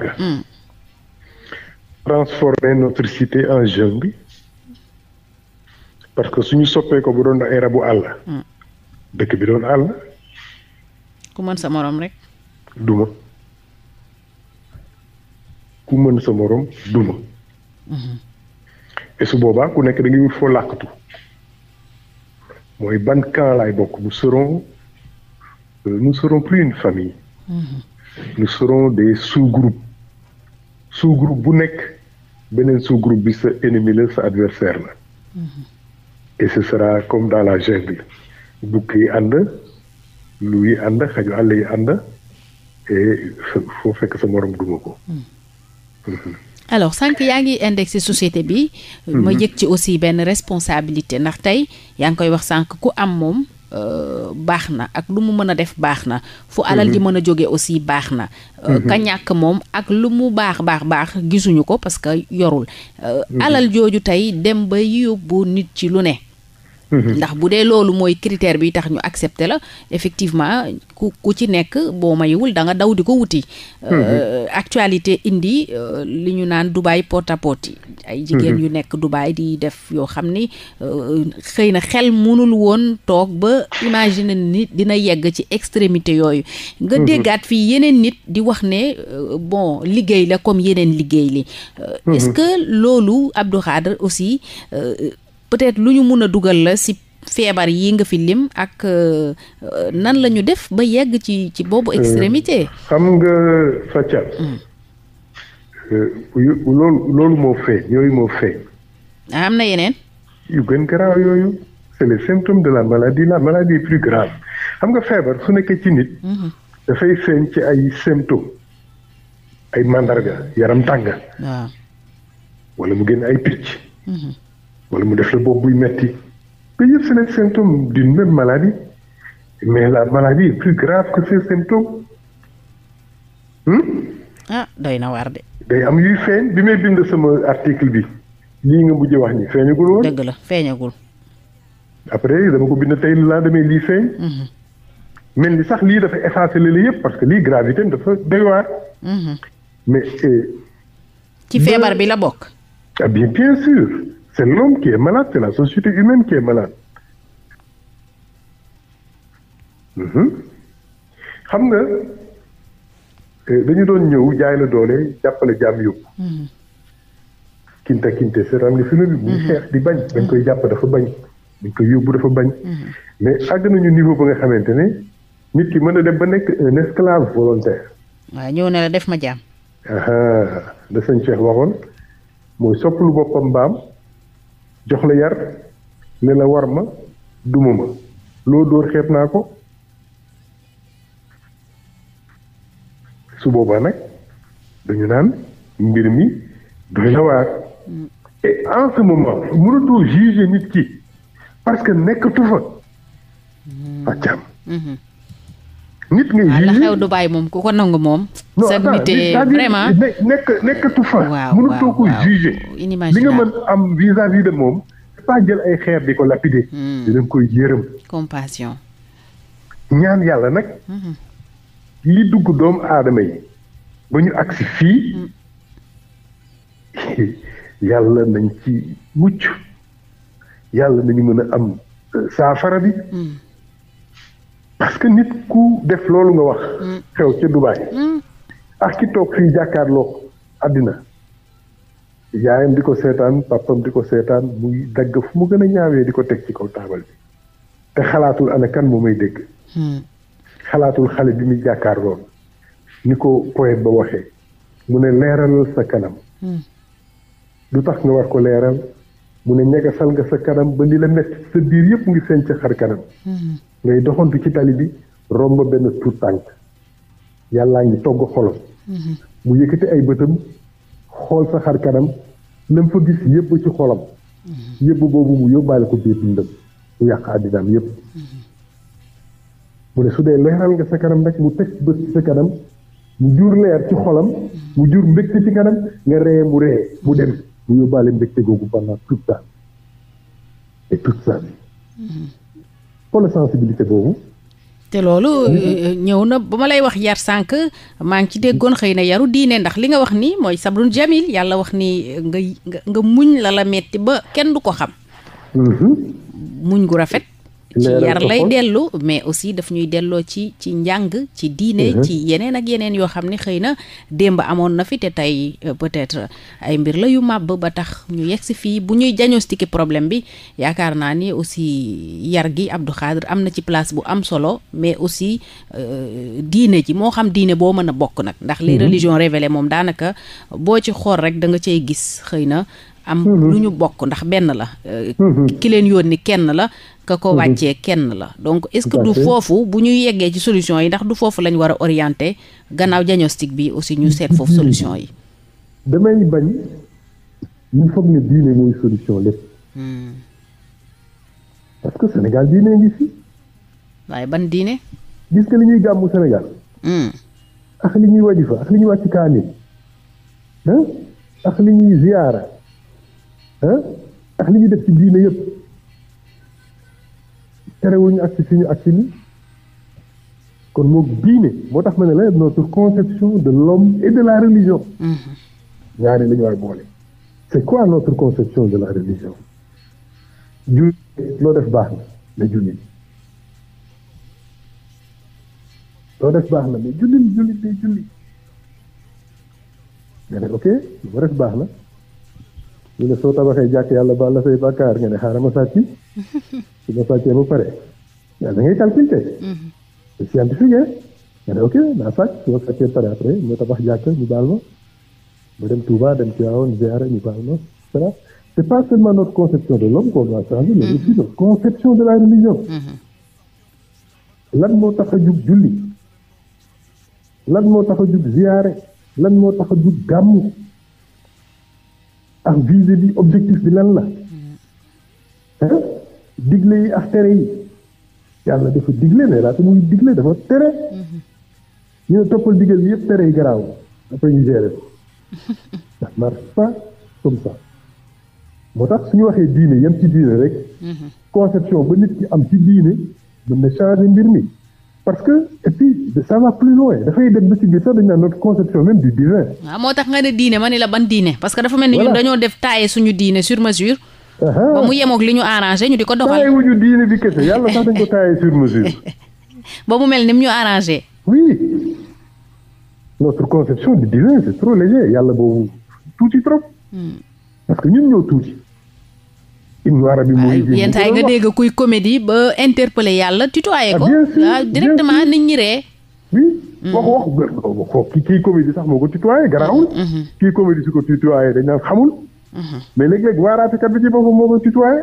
parce que suñu soppee ko bu doon ay rabu àll. Hmm. dëkk bi doon àll. ku mën sa morom rek. duma ku mën sa morom duma. Hmm. et boobaa ku nekk da wut foo làqatu mooy ban camp bokk nous serons euh, nous serons plus une famille. Hmm. nous serons des sous-groupes sous-groupe bu nekk beneen sous-groupe bi sa ennemi la sa adversaire la. et ce comme dans la jungle bukk yi ànd lu yi ànd xaju àll yi ànd et foo fekk sa morom duma ko hmm. mm-hmm. alors sànq yaa ngi indexé société bi ma mm-hmm. yëg ci aussi benn responsabilité ndax tey yaa ngi koy wax sànq ku am moom Euh, baax na ak lu mu mën a def baax na fu alal ji mhm. mën a jóge aussi baax na euh, mhm. ka ñàkk moom ak lu mu baax baax baax gisuñu ko parce que yorul euh, mhm. alal jooju tey dem ba yóbbu nit ci lu ne Mhm. ndax bu dee loolu mooy critère bi tax ñu accepté la effectivement ku ku ci nekk boo mayewul danga daw di ko wuti. Euh, mhm. actualité indi euh, li ñu naan Dubaï pot à pot yi. ay jigéen mhm. yu nekk Dubaï di def yoo xam ni euh, xëy na xel munul woon toog ba imaginer nit dina yegg ci extrémité yooyu. nga déggaat fii yeneen nit di wax ne bon liggéey la comme yeneen liggéey li. est loolu Abdou Khadre aussi. peut-être lu ñu mun a dugal la si feebar yi nga fi lim ak euh, euh, nan la ñu def ba yegg ci ci boobu euh, extrémité xam nga Fatia hmm. euh, loolu loolu moo feeñ yooyu moo feeñ ah am na yeneen yu gën garaaw yooyu c'est les symptômes de la maladie la maladie plus grave xam nga feebar su nekkee ci nit hmm. dafay feeñ ci ay symptômes ay mandarga yaram tàng wala mu génn ay picc hmm. wala mu def la bopp buy metti mais yëpp c'est les symptômes d'une même maladie mais la maladie est plus grave que ces symptômes. Hmm? ah doy na waar de. day am yuy feeñ bi may bind sama article bi lii nga mujj wax ni feeñagul woon. dëgg la feeñagul. après dama ko bind tey laa demee lii feeñ. Mhm. mel ni sax lii dafa effacé lii yëpp parce que lii gravité am dafa doy waar. Mhm. mais. Euh, ci feebar bi la bokk. ah bien bien sûr. C'est l'homme qui est malade, c'est la société humaine qui est mhm. xam nga eh, dañu doon ñëw jaay la doole jàppale jàmm yóbbu. Mhm. kinte kinte seetaan nga film bi. muy mhm. xeex di bañ. dañ koy jàpp dafa bañ. dañ koy yóbbu dafa bañ. mais àgg nañu niveau ba nga xamante ne nit ki mën a dem ba nekk un volontaire. waaw ñëw na la def ma jaam. da sëñ Cheikh waxoon mooy sopp lu boppam mbaam. jox la yar ne la war ma duma ma loo dóor xeeb naa ko su boobaa nag dañu naan mbir mi doy na waar et en ce moment mënatoo juger nit ki parce que nekkatu fa hmm. fàccaam nit nga yii ah, la xew Dubaay moom ku ko nangu moom. sag nité vraiment nekk nekkatu fa. waaw mënutoo ko juger. li nga mën am vis à de moom. pas jël ay xeer di ko lapider. Hmm. dinañ koy yërëm. compassion. ñaan yàlla nag. Hmm. li dugg doomu aadama yi. ba ñu agsi fii. Hmm. (laughs) yàlla nañ ci mucc. yàlla nañu mën a am euh, saafara bi. parce que nit ku def loolu nga wax. Mm. xew ca Dubaï. Mm. ak ki toog fii jàkkaarloo àddina. yaayam di ko seetaan papam di ko seetaan muy dagg fu mu gën a ñaawee di ko teg ci kaw taabal bi te xalaatul a kan moo may dégg. Mm. xalaatul xale bi muy jàkkaarloo ni ko poète ba waxee mu ne leeralal sa kanam. lu tax nga war ko leeral mu ne ñagasal nga sa kanam ba li la métti sa biir yëpp ngi seen ci xar kanam. ngay doxantu ci tali bi romb benn tuut tànk yàllaa ngi togg xolam mm-hmm. mu yëkkati ay bëtam xool sa xar kanam lam fa gis yëpp ci xolam mm-hmm. yëpp boobu mu yóbbaale ko biir dundam mu yàq àddinaam yëpp mm-hmm. mu ne su dee leeral nga sa kanam rek mu teg bët ci sa kanam mu jur leer ci xolam mu jur mbégte ci kanam nga ree mu ree mu dem mu yóbbaale mbégte googu pendant tout temps et toute sa xoolal sensibilité boobu. te loolu euh, ñëw na bu ma lay wax yar sànq maa ngi ci déggoon xëy na yaru diine ndax li nga wax ni mooy sabrun jamil yàlla wax ni nga nga muñ la la metti ba kenn du ko xam. Mhm. muñ gu rafet. ci yar lay dellu mais aussi daf ñuy delloo ci ci njàng ci diine mhm. ci yeneen ak yeneen yoo xam ne xëy na démb amoon na fi te tey euh, peut-être ay mbir la yu màbb ba tax ñu yegg si fii bu ñuy diagnostiquer problème bi yaakaar naa ni aussi yar gi Abdou Khadre am na ci place bu am solo mais aussi euh, diine ji moo xam diine boo mën a bokk nag ndax les mhm. religions révélées moom daanaka boo ci xool rek danga nga cay gis xëy na am mhm. lu ñu bokk ndax benn la euh, ki leen yónni kenn la ka ko mhm. wàccee kenn la donc est-ce que du foofu bu ñuy yeggee ci solution yi ndax du foofu lañ war a orienté gannaaw diagnostic bi aussi ñu seet foofu solution yi damay bañ ñu foog ne diine mooy solution lépp hmm. parce que waaye ban diine gis li ñuy gàmmu Sénégal ak li ñuy wajifa ak li ñuy wàcc kaamil ah ak li ñuy ziyaara ak li ñuy def ci diine yëpp terewul ñu agsi fi ñu agsi nii kon moo diine moo tax ma ne la notre conception de l'homme et de la religion mm-hmm. ñaari la ñu boole c'est quoi notre conception de la religion julli loo def baax na mais julli loo def baax na mais julli julli day julli nga ok lu ma def baax na ñu ne soo tabaxee jàkk yàlla baal la say bàkkaar nga xaaral ma sàcc su ma sàccee ba pare da ngay calculé. c'est scientifique nga ne ok naa sàcc su ma sàccee pare après ma tabax jàkk ñu baal ma ma dem Touba dem Tivaouane ziyaare ñu baal ma et cetera c'est pas seulement notre conception de l'homme qu'on doit changer mais aussi notre conception de la religion. lan moo tax a jug julli ¿Eh? lan moo tax a jug ziyaare lan moo tax a jug gàmmu ak visée bi objectif bi lan la. digle yi ak tere yi yàlla dafa digle mais laata muy digle dafa tere mhm. ñu ne toppal digal yi yëpp tere yi garaaw après ñu gérer ko (laughs) ça marche pas comme ça moo tax suñu waxee diine yem ci diine rek mhm. conception ba nit ki am ci diine mën na changer mbir mi parce que et puis ça va plus loin dafay dem ba ci biir sax dañ naan notre conception même du divin waaw ah, moo tax nga ne diine ma ne la ban diine parce que dafa mel ni ñun dañoo def taaye suñu diine sur mesure Uh-huh. ba mu yemoog li ñu arrangé ñu di ko doxal. wuñu diine bi kese yàlla sax dañ ko taayee sur mesure. (laughs) ba mu mel ni mu ñu arrangé. oui notre conception de divin trop léger yàlla boobu tuuti trop. Hmm. parce que ñun ñoo tuuti. Ibn Arabi mooy. yenn saa yi nga dégg kuy comédie ba interpeller yàlla tutoyé ah, ko. directement nit ñi ree. oui hmm. wax wax kii kii sax moo ko tutoyé garaawul. Hmm, kii comédie ko tutoyé dañ naan xamul. mais léeg-léeg waaraatekat bi ci boppam moom koy tutoyé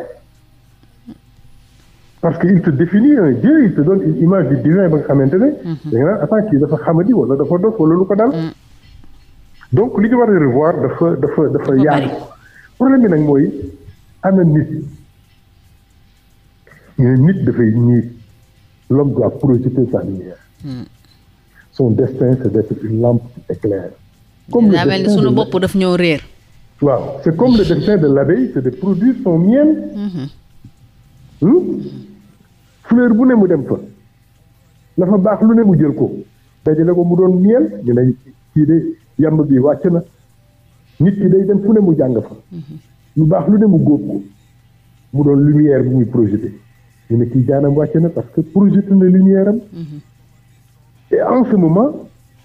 parce que il te définit un dieu il te donne une image du divin ba nga xamante ne. Mhm. da kii dafa xamadi wala dafa dof wala lu ko dal. Mhm. donc li ñu war a revoir dafa dafa dafa yaatu. problème bi nag mooy am na nit ñu nit dafay niit l'homme doit projeter sa lumière. Hmm. son destin c'est d'être une lampe éclaire. comme la daa mel ni sunu bopp daf ñëw réer. waaw c'est comme le destin de l'abeille c'est de produire son miel. Mm-hmm. Hmm? fleur bu ne mu dem fa. la fa baax lu ne mu jël ko. dajale ko mu doon miel ñu ne kii de yàmb bi wàcc na nit ki day dem fu ne mu jàng fa. Mm-hmm. lu baax lu ne mu góob ko. mu doon lumière bu muy projeté. ñu ne kii jaanam wàcc na parce que projeté na lumière am. Mm-hmm. et en ce moment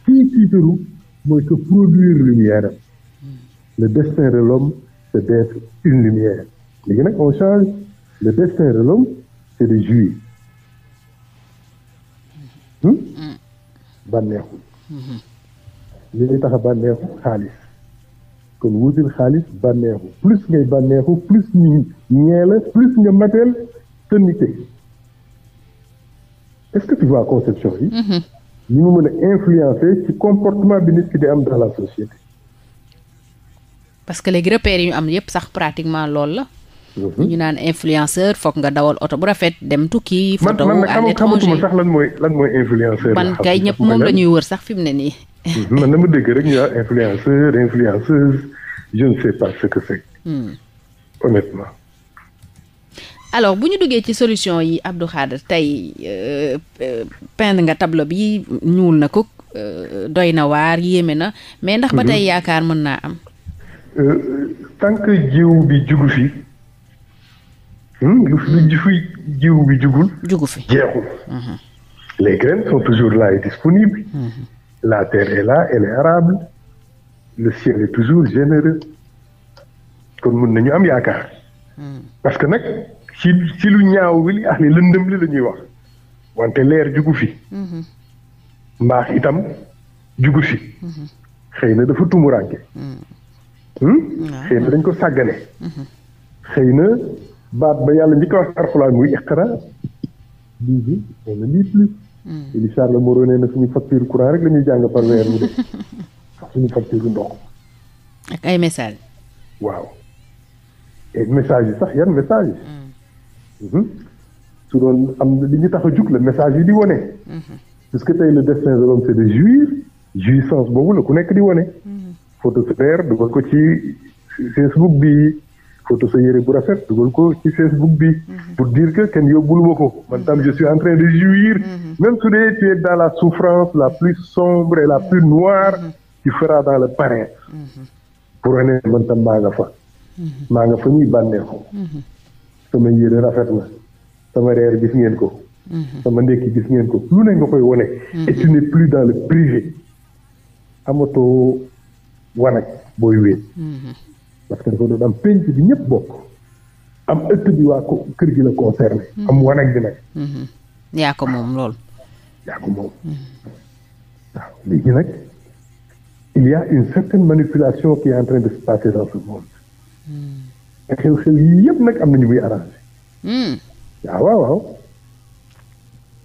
kii tiitaru mooy que produire lumière am. le destin de l'homme c'est d'être une lumière léegi nag on change le destin de l'homme c'est de jouir hmm? hmm. bànneexu hmm. li ñuy tax a xaalis kon wutil xaalis bànneexu plus ngay bànneexu plus ñu ñeela plus nga mateel sa est-ce que tu vois conception yi ñu mu mën a influencer ci comportement bi nit ki di am dans la société parce que léegi repères yi ñu am yépp sax pratiquement loolu la. Mhm. ñu naan influenceur foog nga dawal oto bu rafet dem tukki. photo wu à l'étranger man sax lan man kay ñëpp moom la ñuy wër sax fi mu ne nii. Mhm. man dama dégg hmm. bu ñu duggee ci solution yi Abdou Khadre tey euh, euh, peindre nga tableau bi ñuul na ko euh, doy na waar yéeme na mais ndax ba mhm. tey yaakaar mën naa am. Euh, tant que jiw bi jugu fi hmm, lu fi fi jiw bi jugul. jugu fi jeexul. Mhm. les graines sont toujours là et disponibles. Mhm. la terre est là est arable. le ciel est toujours généreux. kon mun nañu am yaakaar. Mhm. parce que nag ci ci lu ñaaw wi li ah la lëndëm li la ñuy wax. wante leer jugu fi. mbaax itam jugu fi. na dafa tumuraanke Hmm? Ah. xëy na dañ ko sàggane xëy na baat ba yàlla njëkk a wax arxulaan muy iqra lii bi xëy na lii plus hmm. Eli Charles Moreau nee na suñu facture courant rek la ñuy jàng par weer mu de (laughs) suñu message yi sax yan message hmm. su doon am li ñu tax a jug message yi di wone parce que tey le destin de l'homme c'est de boobu la ku nekk di wone photo su leer dugal ko ci Facebook bi photo sa yére bu rafet dugal ko ci Facebook bi mhm. pour dire que kenn yóbbulu ma ko man tam je suis en train de jouir mhm. même su dee tu dans la souffrance la plus sombre et la plus noire mhm. tu feras dans le paradis pour ne man tam maa nga fa maa nga fa ñuy bànneexu sama yére rafet na sama reer gis ngeen ko sama ndekki gis ngeen ko lu ne nga koy wone et tu plus dans le privé amatoo wanag booy wéet. Mm-hmm. parce que dafa doon am penc bi ñëpp bokk. am ëtt bi waa ko kër gi la concerné. Mm-hmm. am wanag bi nag. Mm-hmm. yaa ko moom lool. yaa ko moom. waaw léegi nag il y une certaine manipulation qui est de se dans ce monde. xew-xew yii yëpp nag am nañu muy arrangé. waaw waaw waaw.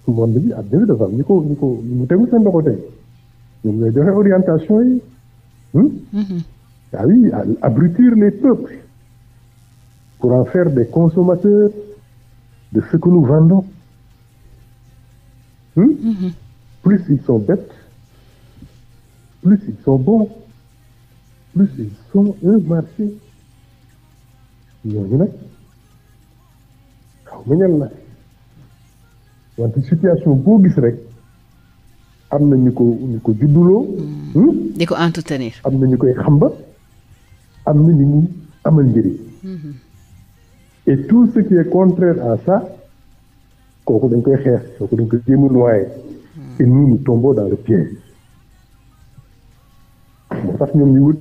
monde bi ab ah, dëgg dafa am ñu ko ñu ko mu tegu seen loxo tey ñu ngi lay orientation yi. Hum? Mmh. Ah oui, abrutir les peuples pour en faire des consommateurs de ce que nous vendons. Hmm? Mhm. Plus ils sont bêtes, plus ils sont bons, plus ils sont un marché. ñooñu nag xaw ma ñan la wante situation boo gis rek. am na ñu ko ñu ko judduloo. Mm. Hmm? di ko entretenir. am na ñu koy xamba am na ñu mu amal njëriñ. Mm-hmm. et tout ce qui est contraire à ça kooku dañ koy xeex kooku dañ koy jéem a noyé. Mm. et nous nous tombons dans moo tax ñoom ñu wut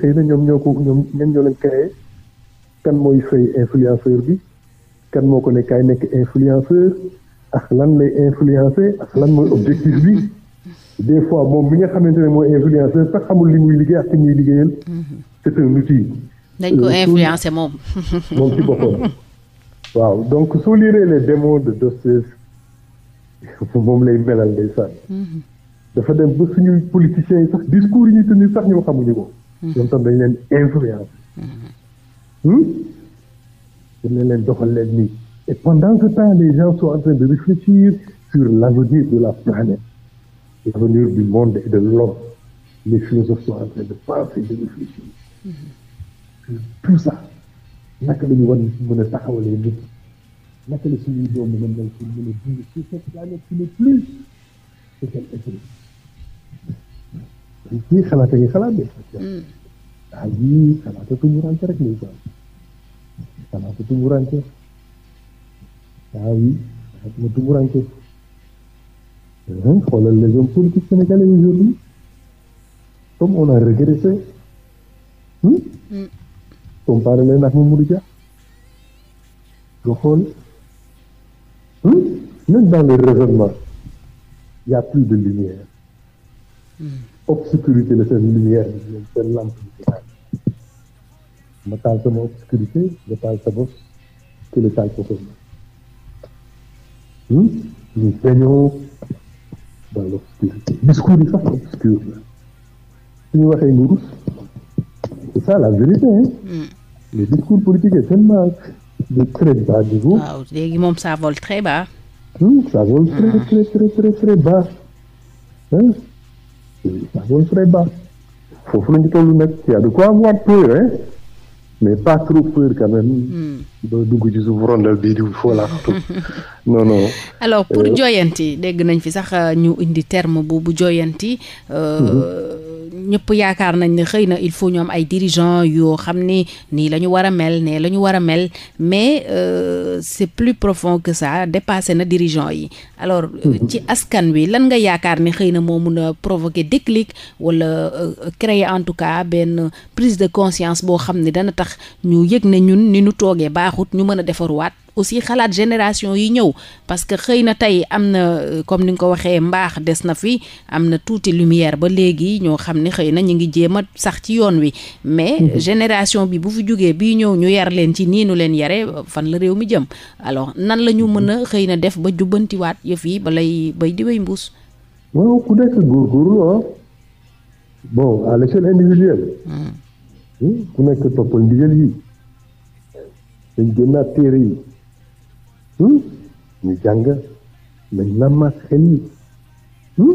xëy na ñoo ko ñoom ñoom ñoo leen créé kan mooy fay influenceur bi kan moo ko ne kaay nekk influenceur. ak lan lay influencé ak lan mooy objectif bi des fois moom mi nga xamante ne mooy influencé sax xamul li muy liggéey ak ki muy liggéeyal c'est un outil dañ ko euh, influencé moom moom ci boppam waaw donc soo liiree les démos de Dostoïevski moom lay melal day sànni dafa dem ba suñuy politiciens yi sax discours yi ñuy tenir sax ñoo xamuñu ko ñoom tam dañ leen influencé hmm? dañ leen doxal leen nii Et pendant ce temps, les gens sont en train de réfléchir sur l'avenir de la planète, l'avenir du monde et de l'homme. Les philosophes sont en train de penser, de réfléchir. Mm -hmm. Tout ça, naka la ñu war mën a taxawalee nit naka la suñuy doom mën a mel pour mën a dund sur cette planète qui n'est plus ce qu'elle était. kii xalaat a ngi xalaat de. Hmm. ah yii xalaat a tumurante rek lay xalaat a tumurante saaw yi ak ma tumuranke xoolal les hommes politiques sénégalais aujourd'hui comme on a régressé hmm? Hmm. comparé leen ak Mamadou Dia nga xool hmm? même dans les raisonnements y plus de lumière obscurité la seen lumière bi ñoom seen lampe bi ma taal sama obscurité nga taal sa bopp ki la taal sa bopp ñu hm? feeñoo dans l'obscurité discours yi sax obscur la su ñu waxee nga rus c'est ça la vérité hein hmm. le discours politique est tellement de très bas niveau. waaw léegi moom ça très bas. Hm, ça vole hmm. très très très très bas hein ça vole très bas foofu la ñu a de quoi avoir peur mais pas trop peur quand même. ba hmm. dugg (laughs) pour euh, joyanti dégg nañ fi sax euh, ñu indi terme bu bu joyanti. Euh, hmm. ñëpp yaakaar nañ ne xëy na il faut ñoom ay dirigeants yoo xam ni nii la ñu war a mel nee la ñu war a mel mais euh, c'est plus profond que ça dépassé na dirigeants yi alors euh, mm-hmm. ci askan wi lan nga yaakaar ni xëy na moo mun a provoquer déclic wala euh, créer en tout cas benn prise de conscience boo xam ne dana tax ñu yëg ne ñun ni ñu toogee baaxut ñu mën a defaruwaat aussi xalaat génération yi ñëw parce que xëy na tey am na euh, comme ni nga ko waxee mbaax des na fi am na tuuti lumière ba léegi ñoo xam ne xëy na ñu ngi jéem a sax ci yoon wi mais mm-hmm. génération bi bu fi jógee bii ñëw ñu yar leen ci niinu leen yare fan la réew mi jëm alors nan la ñu mm-hmm. mën a xëy na def ba jubbantiwaat yëf yi lay bay di wey mbuus ah. mm. hmm? ku nekk toppal ndigal yi dañ gën a téere yi Hmm? ñu jàng nañ làmmaat xel yi hmm?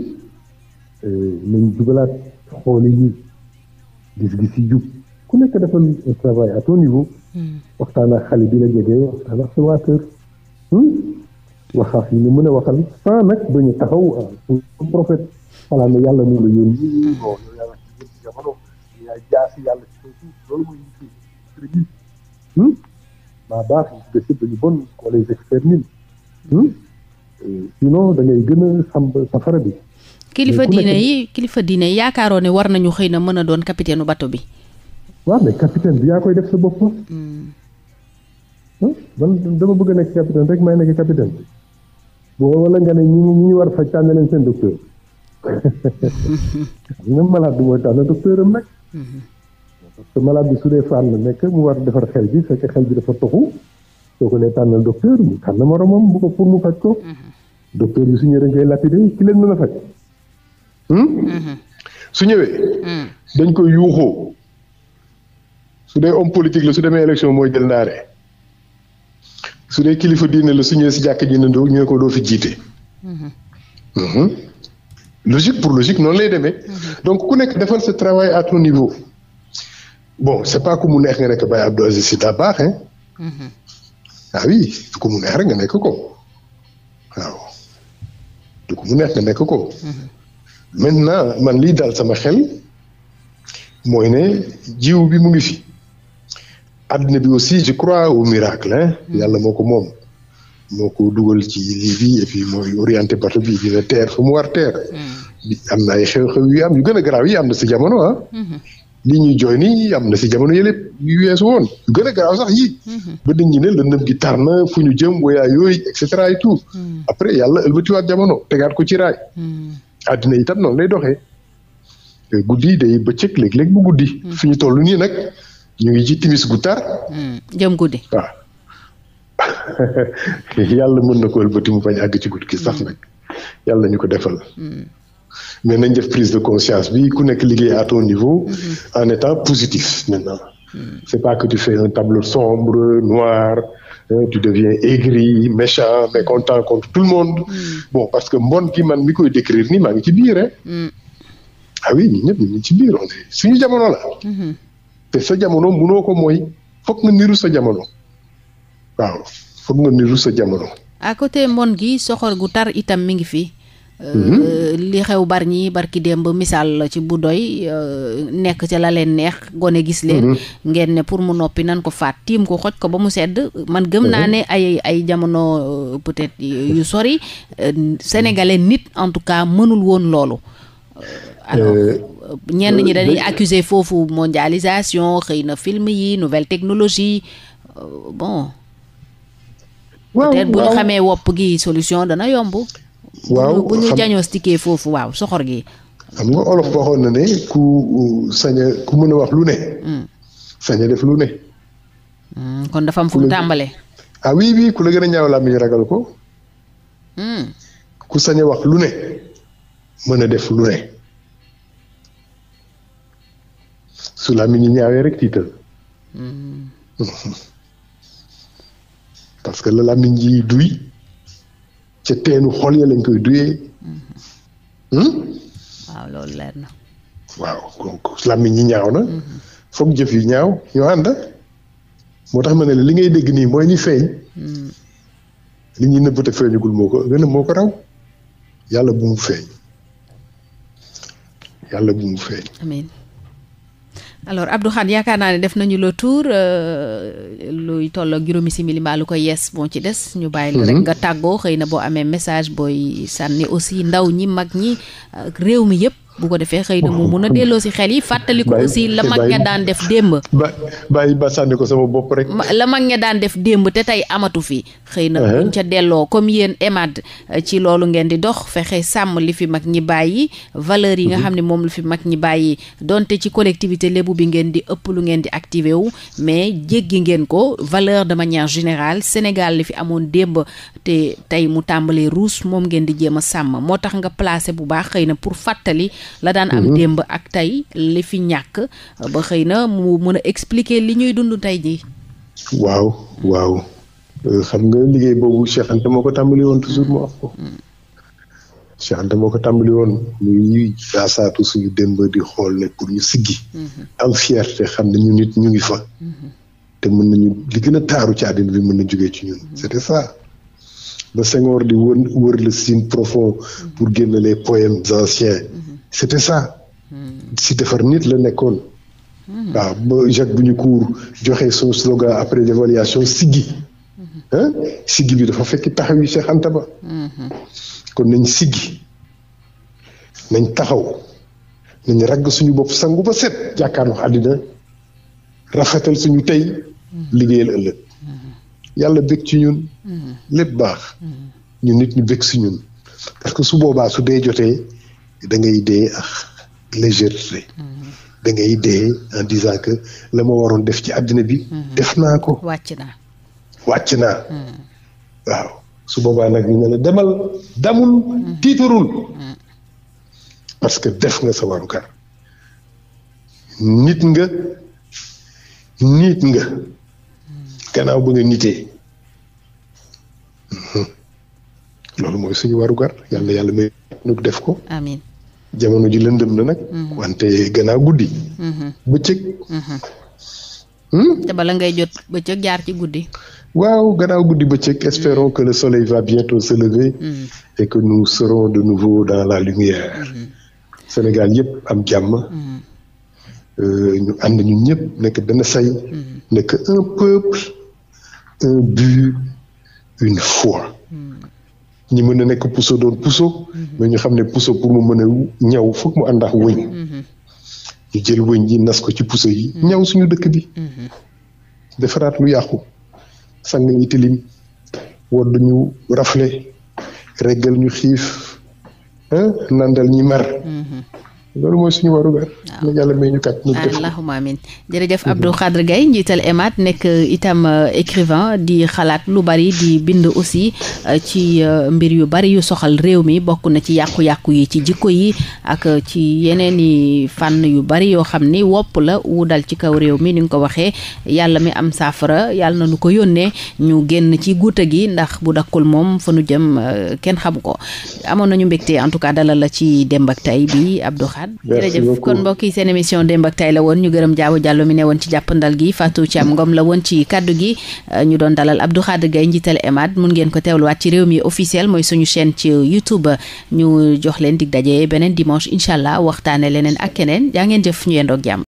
euh, nañ jubalaat xool yi gis-gis yi jub ku nekk defal un travail à ton niveau. Hmm. waxtaan ak xale bi la jege waxtaan ak sa waa kër. waxaaf yi ñu mën a waxal sans nag ba ñu taxaw ah, un prophète voilà ne yàlla moom la yónni bon yow yàlla ci jamono yaa jaasi yàlla ci kaw suuf loolu mooy nit ki baax dëkk dañu bon qu'on hmm? da gën a samb safara bi. kilifa diine yi kilifa diine yi yaakaaroo ne war nañu xëy na mën a doon capitaine bato bi. wax mais capitaine bi yaa koy def sa bopp. man hmm. hmm? dama bëgg a nekk capitaine rek may nekk capitaine boo wala nga ne ñi ñu war faj tànn seen docteur. (laughs) même malade bi mooy tànn docteur am parce que malade bi su dee fànn nekk mu war defar xel bi fekk xel bi dafa toxu soo ko nee tànnal docteur mu tànn moromam bu ko pour mu faj ko mm-hmm. docteur bi su ñëwee dañ koy lapidé ki leen mën a hmm? mm-hmm. mm. dañ koy yuuxoo su dee homme politique la su demee élection mooy jël ndaare su dee kilifa diine la su ñëwee si jàkk ji ne doo ñu ne ko doo fi jiite mm-hmm. logique pour logique noonu lay demee donc ku nekk defal sa travail à ton niveau bon c'est pas ku mu neex nga nekk Baye Abdou Aziz Sy Dabakh mm-hmm. ah nekk ko waaw du ku mu neex nga nekk ko mm-hmm. maintenant man lii daal sama xel mooy ne jiw bi mu ngi fi addina bi aussi je crois au miracle hein mm-hmm. yàlla moo ko moom moo ko dugal ci lii bi et puis mooy orienté bato bi dina teer fu mu war teer am na ay xew-xew yu am yu gën a garaaw yi am na si jamono ah li ñuy jooy nii am na si jamono yële yu weesu woon yu gën a garaaw sax yii. Mhm. ba nit ñi ne lëndëm gi tar na fu ñu jëm wayaa yooyu et cetera et tout. Mhm. après yàlla jamono tegaat ko ci raay. yi mhm. itam noonu lay doxee. guddi ba bëccëg léeg-léeg bu guddi. fi ñu toll nii nag ñu ngi ci timis gu tar. jëm guddi waaw. (laughs) yàlla mën na ko ëlbati mu bañ àgg ci guddi ki sax nag yàlla ñu ko defal. mais nañ def prise de conscience bi ku nekk liggéey à ton niveau. Mhm. en étant positif maintenant. Mhm. c'est pas que tu fais un tableau sombre noir euh, tu deviens aigri méchant mécontent contre tout le monde. Mhm. bon parce que mbon gi man mi koy décrire nii maa ngi ci biir hein. ah oui ñun ñëpp ñu ci biir on suñu jamono la. te sa jamono mënoo ko mooy foog nga niru sa jamono waaw foog nga niru sa jamono. à mbon gi soxor gu tar itam mi ngi fii Mm-hmm. Euh, li xew bar ñi barki démb misaal la ci bu doy euh, nekk ca la leen neex gone gis leen mm-hmm. ngeen ne pour mu noppi nan ko faat tiim ko xoj ko ba mu sedd man gëm naa mm-hmm. ne ay ay jamono euh, peut-être yu sori sénégalais nit en tout cas mënul woon loolu alors ñenn ñi dañuy accuser foofu mondialisation xëy na film yi nouvelle technologie bon peut bu ñu xamee wopp gi solution dana yomb waaw bu ñu diagnostiqué foofu soxor gi. am nga olof waxoon na ne ku uh, sañ ku mën a wax lu ne. Mm. sañ a def lu ne. Mm, kon dafa fu mu tàmbale ah oui oui ku la gën a ñaaw làmmiñ ragal ko. Mm. ku sañ wax lu ne mën a def lu ne. su làmmiñ ñaawee rek tiital. (laughs) parce la làmmiñ ji duy. ca teenu xol ya lañ koy duyee. Mm-hmm. Hmm? waaw loolu leer na. waaw làmmiñ ñi ñaaw na. Mm-hmm. foog jëf yu ñaaw ñu ànd moo tax ma ne li ngay dégg nii mooy ñi feeñ. Mm-hmm. li ñuy nëbb te feeñagul moo ko gën a moo ko raw yàlla bu mu feeñ yàlla bu mu feeñ. alors Abdou Khane yaakaar naa ne def nañu le tour euh, luy toll ak juróomi simili mbaa lu ko yees moo ci des ñu bàyyi la rek mhm. nga tàggoo xëy na boo amee message booy sànni aussi ndaw ñi mag ñi réew mi yëpp bu ko defee xëy na mu mun a delloo si xel yi fàttali ko aussi la mag ña daan def démb ba ko sama bopp rek la mag ña daan def démb te tey amatu fi xëy na buñ uh-huh. ca delloo comme yéen EMAD uh, ci loolu ngeen di dox fexe sàmm li fi mag ñi bàyyi valeur yi nga uh-huh. xam ne moom lu fi mag ñi bàyyi donte ci collectivité lébu bi ngeen di ëpp lu ngeen di activer wu mais jéggi ngeen ko valeur de manière général Sénégal li fi amoon démb te tey mu tàmbalee ruus moom ngeen di jéem a sàmm moo tax nga placé bu baax xëy na pour fàttali la daan am mhm. démb ak tay li fi ñàkk ba xëy na mu mën a expliquer li ñuy dund tey jii. waaw waaw euh, xam nga liggéey boobu Cheikh moo ko tàmbali woon toujours mu wax ko. Mm. Cheikh moo ko tàmbali ñuy saasaatu suñu démb di xool ne pour ñu siggi mm-hmm. am fierté xam ne ñu nit ñu ngi fa mm-hmm. te mën nañu li gën a taaru ci àddina bi mën na jógee ci ñun mm-hmm. c'était ça ba Senghor di wër wër le Sine profond pour génne les poèmes anciens c'était sa hmm. si defar nit la nekkoon. Hmm. waaw ba Jacques Bunikour joxe son slogan après l'évaluation siggi. Hmm. siggi bi dafa fekk taxaw yi Cheikh Anta Ba. kon nañ siggi nañ taxaw nañ ragg suñu bopp sangu ba set jàkkaarloo àddina rafetal suñu tey liggéeyal ëllëg. yàlla bëgg ci ñun. lépp baax. ñun nit ñu bëgg si ñun. parce que su boobaa su dee jotee. dangay ngay dee ak légèreté mm-hmm. da ngay dee en disant que la ma waroon def ci àddina bi mm-hmm. def naa ko wàcc naa mm-hmm. waaw su boobaa nag ñu ne la demal damul tiitarul parce que def nga sa warugar nit nga nit nga gannaaw ba nga nitee loolu mooy suñu warugar yàlla yàlla may nu def ko jamono ji lëndëm na nag. Mhm. wante gannaaw guddi. Mhm. bëccëg. Mhm. Hmm? te bala ngay jot bëccëg jaar ci guddi. waaw gannaaw guddi bëccëg espérons que le soleil va bientôt se lever. et que nous serons de nouveau dans la lumière. Sénégal yëpp am jàmm. Euh, ñu ànd ñun ñëpp nekk benn say. nekk un peuple un but une foi. ñi mën a nekk puso doon puso mhm. mais ñu xam ne puso pour mu mën a ñaw foog mu ànd ak wëñ mhm. ñu jël wëñ yi nas ko ci puso yi mhm. ñaw suñu dëkk bi defaraat lu yàqu sang ñu tilim wodd ñu rafle reggal ñu xiif nandal ñi mar loolu mooy suñu warugar. waaw yàlla may ñu kat ñu def allahumma amiin jërëjëf mhm. Abdou Khadre Gaye njiital EMAD nekk euh, itam euh, écrivain di xalaat lu bari di bind aussi euh, ci mbir yu bari yu soxal réew mi bokk na ci yàqu-yàqu yi ci jikko yi ak ci yeneen i fànn yu bari yoo xam ni wopp la wu dal ci kaw réew mi ni nga ko waxee yàlla mi am saafara yàlla na nu ko yónnee ñu génn ci guuta gi ndax bu dakkul moom fa nu jëm kenn xamu ko amoon nañu mbégte en tout cas dalal la ci Demb ak Tay Wade jërëjëf kon mbokk yi seen émission démb ak la woon ñu gërëm Diabo Diallo mi ne woon ci jàppandal gi Fatou Thiam Ngom la woon ci kàddu gi euh, ñu doon dalal Abdou Khadre gay njiital EMAD mun ngeen ko teewluwaat ci réew mi officiel mooy suñu chaîne ci YouTube ñu jox leen dig daje beneen dimanche incha allah waxtaane leneen ak keneen jaa ngeen jëf ñu yendoog jàmm